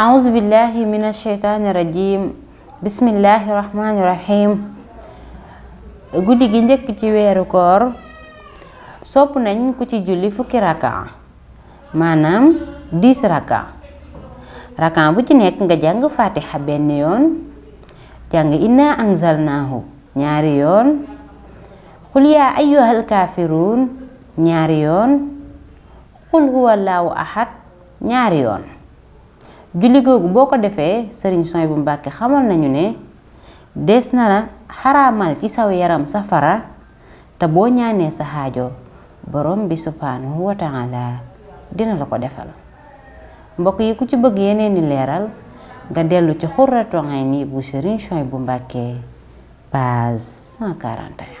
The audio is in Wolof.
أعوذ بالله من الشيطان الرجيم بسم الله الرحمن الرحيم guddi gi njëkk ci weeru koor sopp nañ ku ci julli fukki raka maanaam dix raka raka bu ci nekk nga jàng fatiha benn yoon jàng inna anzalnaahu ñaari yoon xul yaa ayyuhal kaafiruun ñaari yoon xul huwallaahu ahad ñaari yoon julli googu boo ko defee sëriñ soy bu Mbàkke xamoon nañu ne des na la xaraamal ci saw yaram safara te boo ñaanee sa xaajo borom bi subhaanahu wa taala dina la ko defal mbokk yi ku ci bëgg yeneen ni leeral nga dellu ci Xurratu Ayni bu sëriñ soy bu Mbàkke page 141